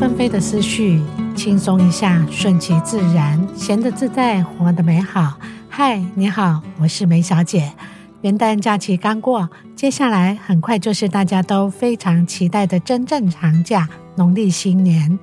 紛飛的思緒，輕鬆一下，順其自然，閒得自在，活得美好。嗨，你好，我是梅小姐。元旦假期剛過，接下來很快就是大家都非常期待的真正長假——農曆新年，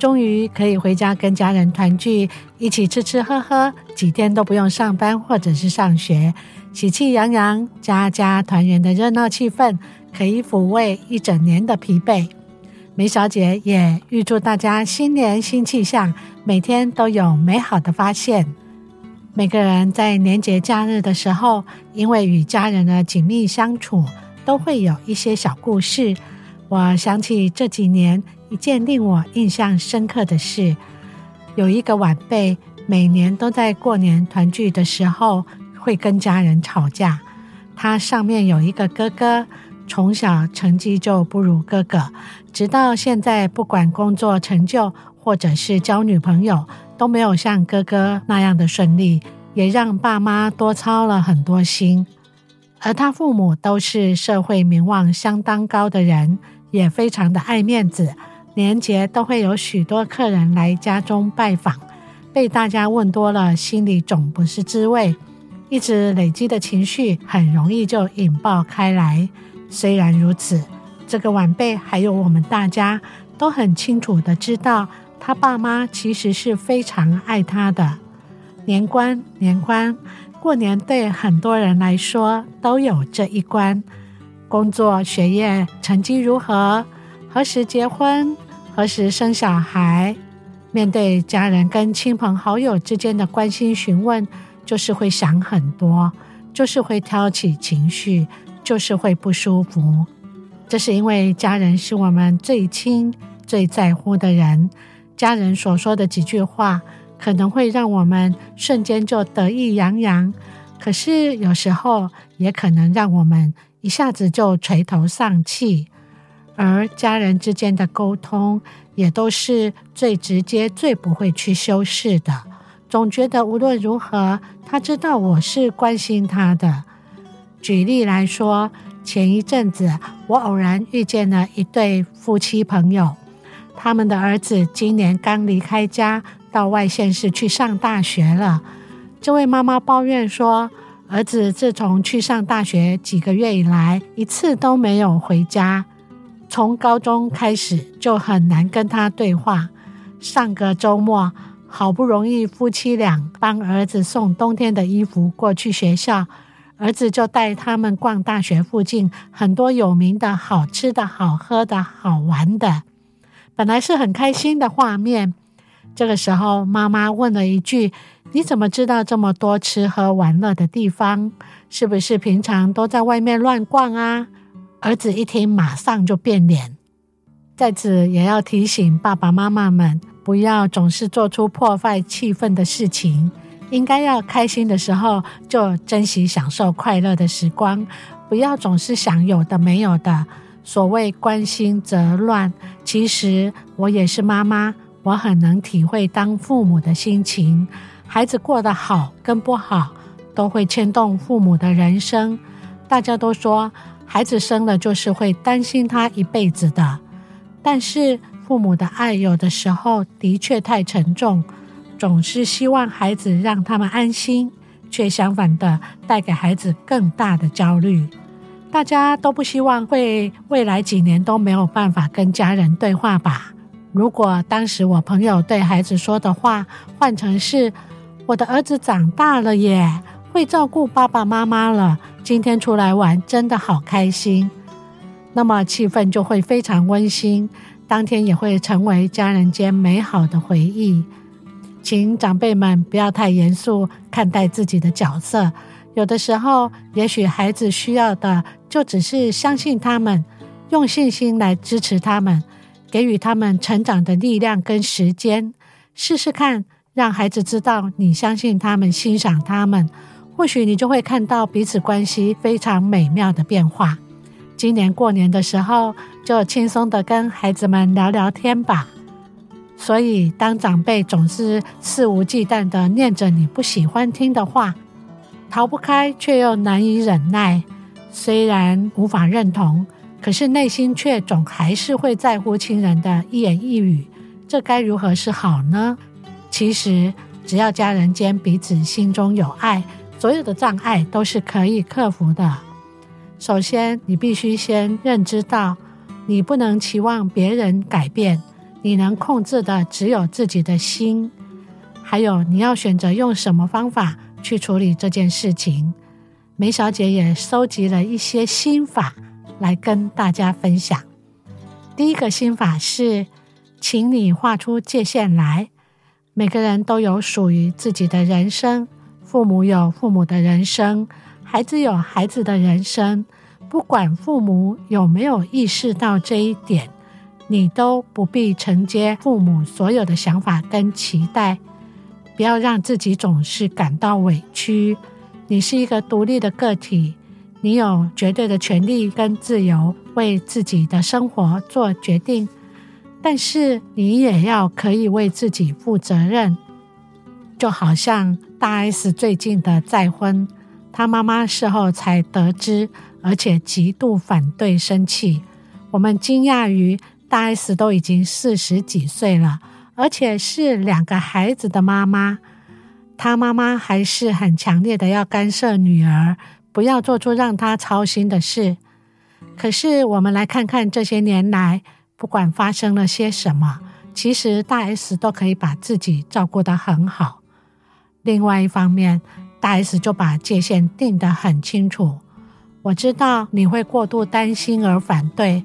終於可以回家跟家人團聚，一起吃吃喝喝，幾天都不用上班或者是上學，喜氣洋洋，家家團圓的熱鬧氣氛，可以撫慰一整年的疲憊。梅小姐也預祝大家新年新氣象，每天都有美好的發現。每個人在年節假日的時候，因為與家人的緊密相處，都會有一些小故事。我想起這幾年一件令我印象深刻的事：有一個晚輩，每年都在過年團聚的時候會跟家人吵架。他上面有一個哥哥。從小成績就不如哥哥，直到現在，不管工作成就或者是交女朋友，都沒有像哥哥那樣的順利，也讓爸媽多操了很多心。而他父母都是社會名望相當高的人，也非常的愛面子，年節都會有許多客人來家中拜訪，被大家問多了，心裡總不是滋味，一直累積的情緒很容易就引爆開來。雖然如此，這個晚輩還有我們大家都很清楚的知道，他爸媽其實是非常愛他的。年關、年關，過年對很多人來說都有這一關：工作、學業、成績如何？何時結婚？何時生小孩？面對家人跟親朋好友之間的關心詢問，就是會想很多，就是會挑起情緒。就是會不舒服，這是因為家人是我們最親、最在乎的人。家人所說的幾句話，可能會讓我們瞬間就得意洋洋，可是有時候也可能讓我們一下子就垂頭喪氣。而家人之間的溝通，也都是最直接、最不會去修飾的。總覺得無論如何，他知道我是關心他的。舉例來說，前一陣子我偶然遇見了一對夫妻朋友，他們的兒子今年剛離開家到外縣市去上大學了。這位媽媽抱怨說，兒子自從去上大學幾個月以來，一次都沒有回家，從高中開始就很難跟他對話。上個周末，好不容易夫妻倆幫兒子送冬天的衣服過去學校。兒子就帶他們逛大學附近很多有名的好吃的好喝的好玩的，本來是很開心的畫面。這個時候，媽媽問了一句：“你怎麼知道這麼多吃喝玩樂的地方？是不是平常都在外面亂逛啊？”兒子一聽，馬上就變臉。在此，也要提醒爸爸媽媽們，不要總是做出破壞氣氛的事情。應該要開心的時候，就珍惜享受快樂的時光，不要總是想有的沒有的。所謂關心則亂，其實我也是媽媽，我很能體會當父母的心情。孩子過得好跟不好，都會牽動父母的人生。大家都說孩子生了就是會擔心他一輩子的，但是父母的愛有的時候的確太沉重。總是希望孩子讓他們安心，卻相反的帶給孩子更大的焦慮。大家都不希望會未來幾年都沒有辦法跟家人對話吧？如果當時我朋友對孩子說的話換成是“我的兒子長大了耶，會照顧爸爸媽媽了，今天出來玩真的好開心”，那麼氣氛就會非常溫馨，當天也會成為家人間美好的回憶。請長輩們不要太嚴肅看待自己的角色，有的時候，也許孩子需要的就只是相信他們，用信心來支持他們，給予他們成長的力量跟時間，試試看，讓孩子知道你相信他們、欣賞他們，或許你就會看到彼此關係非常美妙的變化。今年過年的時候，就輕鬆的跟孩子們聊聊天吧。所以，當長輩總是肆無忌憚地念着你不喜歡聽的話，逃不開卻又難以忍耐，雖然無法認同，可是內心卻總還是會在乎親人的一言一語，這該如何是好呢？其實，只要家人間彼此心中有愛，所有的障礙都是可以克服的。首先，你必須先認知到，你不能期望別人改變。你能控制的只有自己的心，還有你要選擇用什麼方法去處理這件事情。梅小姐也收集了一些心法來跟大家分享。第一個心法是，請你畫出界限來。每個人都有屬於自己的人生，父母有父母的人生，孩子有孩子的人生，不管父母有沒有意識到這一點，你都不必承接父母所有的想法跟期待，不要讓自己總是感到委屈。你是一個獨立的個體，你有絕對的權利跟自由，為自己的生活做決定。但是你也要可以為自己負責任。就好像大 S 最近的再婚，她媽媽事後才得知，而且極度反對、生氣。我們驚訝於。S 大 S 都已經四十幾歲了，而且是兩個孩子的媽媽。她媽媽還是很強烈的要干涉女兒，不要做出讓她操心的事。可是，我們來看看這些年來，不管發生了些什麼，其實大 S 都可以把自己照顧得很好。另外一方面，大 S 就把界限定得很清楚。我知道你會過度擔心而反對，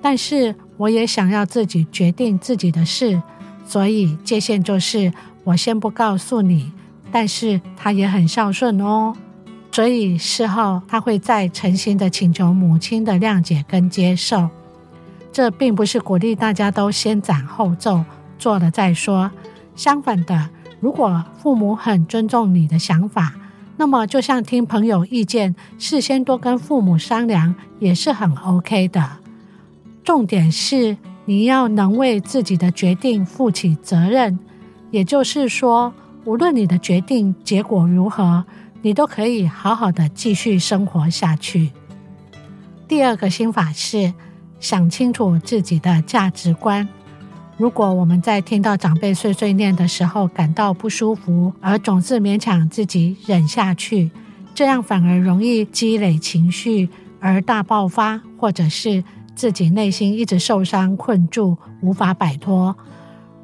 但是。我也想要自己決定自己的事，所以界限就是我先不告訴你。但是他也很孝順哦，所以事後他會再誠心的請求母親的諒解跟接受。這並不是鼓勵大家都先斬後奏，做了再說。相反的，如果父母很尊重你的想法，那麼就像聽朋友意見，事先多跟父母商量，也是很 OK 的。重點是你要能為自己的決定負起責任，也就是說，無論你的決定結果如何，你都可以好好的繼續生活下去。第二個心法是想清楚自己的價值觀。如果我們在聽到長輩碎碎念的時候感到不舒服，而總是勉強自己忍下去，這樣反而容易積累情緒而大爆發，或者是，自己內心一直受傷、困住、無法擺脫。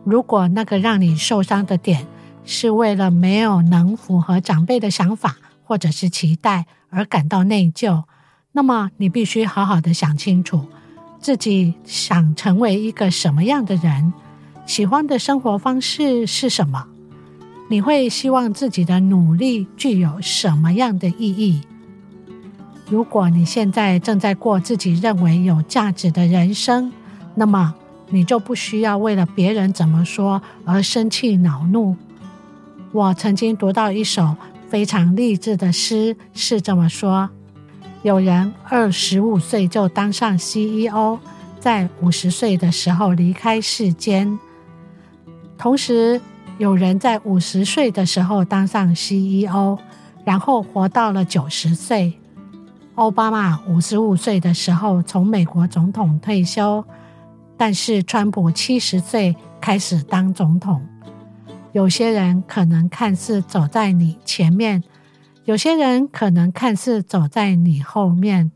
如果那個讓你受傷的點是為了沒有能符合長輩的想法或者是期待而感到內疚，那麼你必須好好的想清楚，自己想成為一個什麼樣的人，喜歡的生活方式是什麼？你會希望自己的努力具有什麼樣的意義？如果你現在正在過自己認為有價值的人生，那麼你就不需要為了別人怎麼說而生氣惱怒。我曾經讀到一首非常勵志的詩，是這麼說：有人二十五歲就當上 CEO，在五十歲的時候離開世間；同時，有人在五十歲的時候當上 CEO，然後活到了九十歲。奧巴馬五十五歲的時候從美國總統退休，但是川普七十歲開始當總統。有些人可能看似走在你前面，有些人可能看似走在你後面，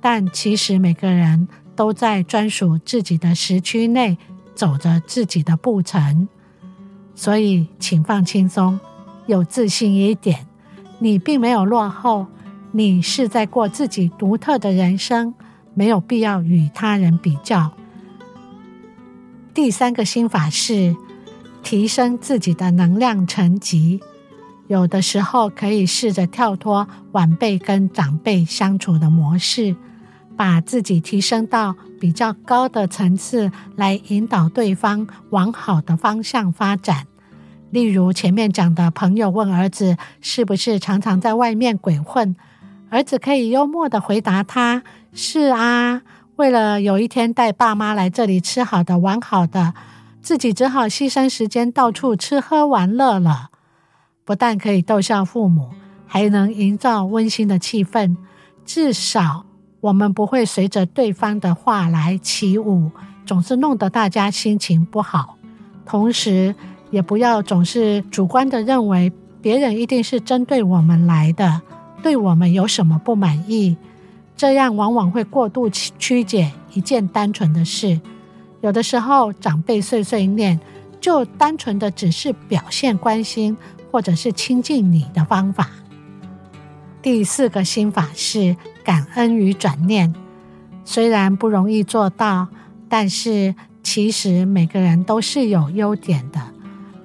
但其實每個人都在專屬自己的時區內走着自己的步程。所以，請放輕鬆，有自信一點，你並沒有落後。你是在過自己獨特的人生，沒有必要與他人比較。第三個心法是提升自己的能量層級。有的時候可以試着跳脫晚輩跟長輩相處的模式，把自己提升到比較高的層次，來引導對方往好的方向發展。例如前面講的朋友問兒子，是不是常常在外面鬼混？兒子可以幽默地回答他：“他是啊，為了有一天帶爸媽來這裡吃好的、玩好的，自己只好犧牲時間到處吃喝玩樂了。不但可以逗笑父母，還能營造溫馨的氣氛，至少我們不會隨着對方的話來起舞，總是弄得大家心情不好。同時，也不要總是主觀地認為別人一定是針對我們來的。”對我們有什麼不滿意？這樣往往會過度曲曲解一件單純的事。有的時候，長輩碎碎念，就單純的只是表現關心，或者是親近你的方法。第四個心法是感恩與轉念，雖然不容易做到，但是其實每個人都是有優點的，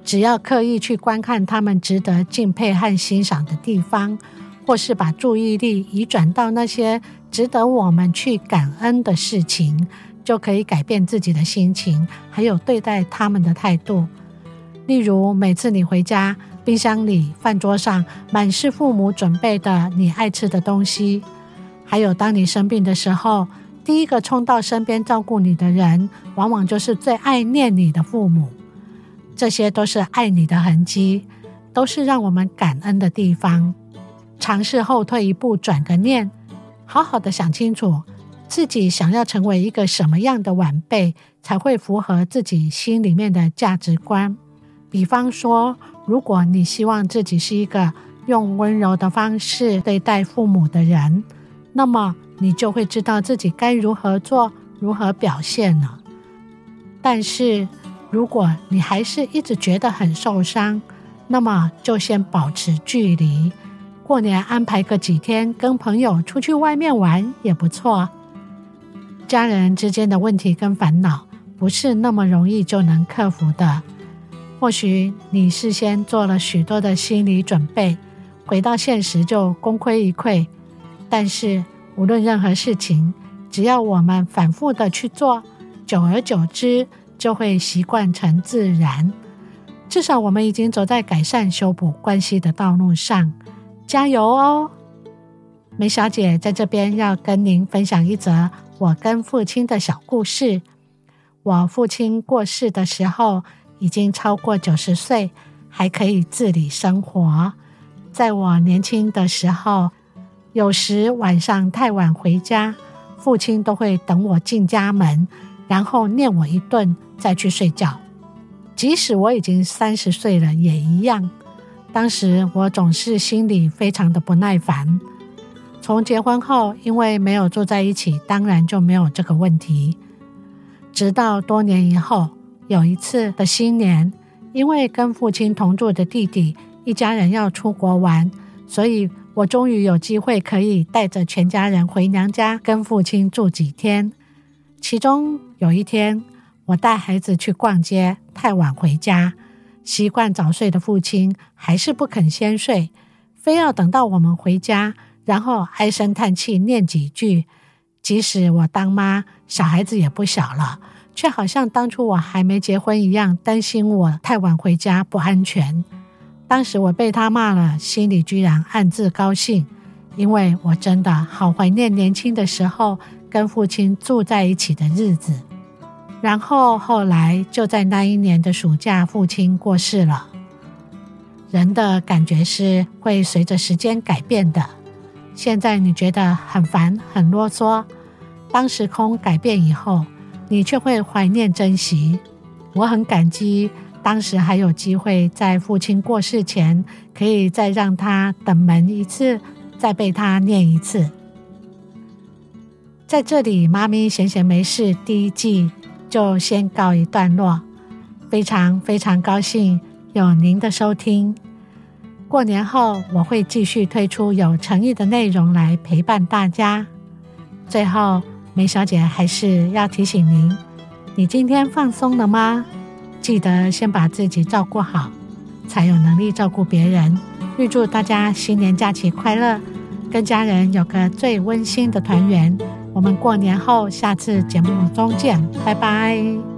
只要刻意去觀看他們值得敬佩和欣賞的地方。或是把注意力移轉到那些值得我們去感恩的事情，就可以改變自己的心情，還有對待他們的態度。例如，每次你回家，冰箱裡、飯桌上滿是父母準備的你愛吃的東西；還有，當你生病的時候，第一個衝到身邊照顧你的人，往往就是最愛念你的父母。這些都是愛你的痕跡，都是讓我們感恩的地方。嘗試後退一步，轉個念，好好的想清楚，自己想要成為一個什麼樣的晚輩，才會符合自己心裡面的價值觀。比方說，如果你希望自己是一個用溫柔的方式對待父母的人，那麼你就會知道自己該如何做，如何表現了。但是，如果你還是一直覺得很受傷，那麼就先保持距離。過年安排個幾天跟朋友出去外面玩也不錯。家人之間的問題跟煩惱不是那麼容易就能克服的。或許你事先做了許多的心理準備，回到現實就功虧一簣。但是無論任何事情，只要我們反復的去做，久而久之就會習慣成自然。至少我們已經走在改善修補關係的道路上。加油哦，梅小姐在這邊要跟您分享一則我跟父親的小故事。我父親過世的時候已經超過九十歲，還可以自理生活。在我年輕的時候，有時晚上太晚回家，父親都會等我進家門，然後念我一頓再去睡覺。即使我已經三十歲了，也一樣。當時我總是心裡非常的不耐煩。從結婚後，因為沒有住在一起，當然就沒有這個問題。直到多年以後，有一次的新年，因為跟父親同住的弟弟一家人要出國玩，所以我終於有機會可以帶着全家人回娘家跟父親住幾天。其中有一天，我帶孩子去逛街，太晚回家。習慣早睡的父親還是不肯先睡，非要等到我們回家，然後唉聲嘆氣念幾句。即使我當媽，小孩子也不小了，卻好像當初我還沒結婚一樣，擔心我太晚回家不安全。當時我被他罵了，心裡居然暗自高興，因為我真的好懷念年輕的時候跟父親住在一起的日子。然後後來就在那一年的暑假，父親過世了。人的感覺是會隨着時間改變的。現在你覺得很煩、很囉嗦，當時空改變以後，你卻會懷念、珍惜。我很感激當時還有機會在父親過世前，可以再讓他等門一次，再被他念一次。在這裡，媽咪閒閒梅事第一季，就先告一段落，非常非常高興有您的收聽。過年後我會繼續推出有誠意的內容來陪伴大家。最後，梅小姐還是要提醒您：你今天放鬆了嗎？記得先把自己照顧好，才有能力照顧別人。預祝大家新年假期快樂，跟家人有個最溫馨的團圓。我們過年後，下次節目中見，拜拜。